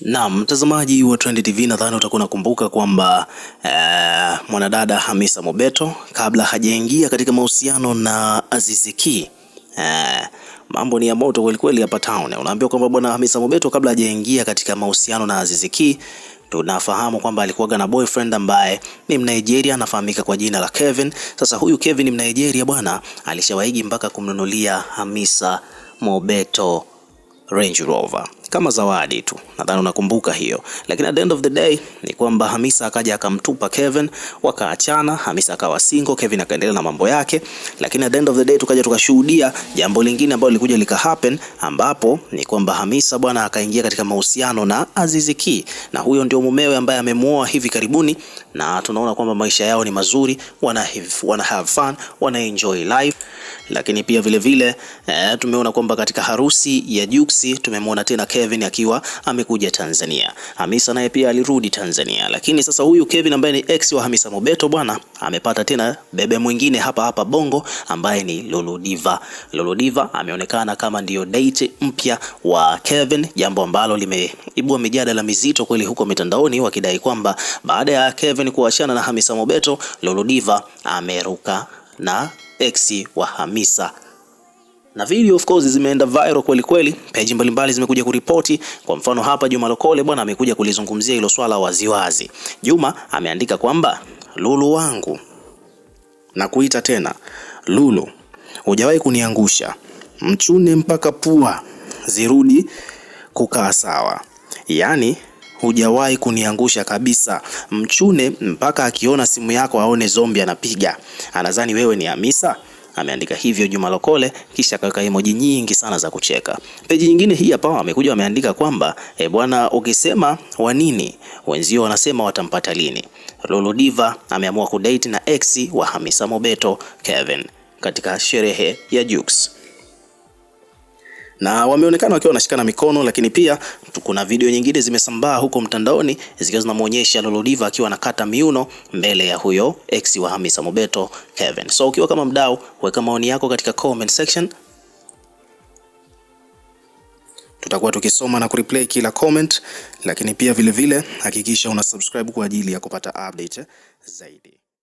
Na mtazamaji wa Trend TV nadhani utakuwa unakumbuka kwamba eh, mwanadada Hamisa Mobeto kabla hajaingia katika mahusiano na Aziziki Ki eh, mambo ni ya moto kweli kweli hapa town. Unaambiwa kwamba bwana Hamisa Mobeto kabla hajaingia katika mahusiano na Aziziki, tunafahamu kwamba alikuwaga na boyfriend ambaye ni Mnigeria anafahamika kwa jina la Kevin. Sasa huyu Kevin ni Mnigeria bwana alishawaigi mpaka kumnunulia Hamisa Mobeto Range Rover kama zawadi tu, nadhani unakumbuka hiyo. Lakini at the end of the day ni kwamba Hamisa akaja akamtupa Kevin, wakaachana. Hamisa akawa single, Kevin akaendelea na mambo yake. Lakini at the end of the day tukaja tukashuhudia jambo lingine ambalo lilikuja lika happen, ambapo ni kwamba Hamisa bwana akaingia katika mahusiano na Azizi Ki, na huyo ndio mumewe ambaye amemuoa hivi karibuni, na tunaona kwamba maisha yao ni mazuri, wana have, wana have fun, wana enjoy life. Lakini pia vilevile eh, tumeona kwamba katika harusi ya Jux tumemwona tena Kevin akiwa amekuja Tanzania. Hamisa naye pia alirudi Tanzania, lakini sasa huyu Kevin ambaye ni ex wa Hamisa Mobeto bwana amepata tena bebe mwingine hapa hapa Bongo ambaye ni Lulu Diva. Lulu Diva ameonekana kama ndiyo date mpya wa Kevin, jambo ambalo limeibua mijadala mizito kweli huko mitandaoni, wakidai kwamba baada ya Kevin kuachana na Hamisa Mobeto, Lulu Diva ameruka na ex wa Hamisa na video of course zimeenda viral kweli kweli, peji mbalimbali zimekuja kuripoti. Kwa mfano hapa Juma Lokole bwana amekuja kulizungumzia hilo swala waziwazi. Juma ameandika kwamba Lulu wangu, na kuita tena Lulu, hujawahi kuniangusha, mchune mpaka pua zirudi kukaa sawa, yaani hujawahi kuniangusha kabisa. Mchune mpaka akiona simu yako aone zombi anapiga, anadhani wewe ni Hamisa. Ameandika hivyo Juma Lokole, kisha akaweka emoji nyingi sana za kucheka. Peji nyingine hii hapa amekuja wameandika kwamba e, bwana ukisema wanini wenzio wanasema watampata lini. Lulu Diva ameamua kudate na ex wa Hamisa Mobeto Kevin katika sherehe ya Jukes na wameonekana wakiwa wanashikana mikono, lakini pia kuna video nyingine zimesambaa huko mtandaoni zikiwa zinamuonyesha Lolo Diva akiwa anakata miuno mbele ya huyo ex wa Hamisa Mobeto Kevin. So ukiwa kama mdau, weka maoni yako katika comment section, tutakuwa tukisoma na kureplay kila comment, lakini pia vilevile vile, hakikisha una subscribe kwa ajili ya kupata update zaidi.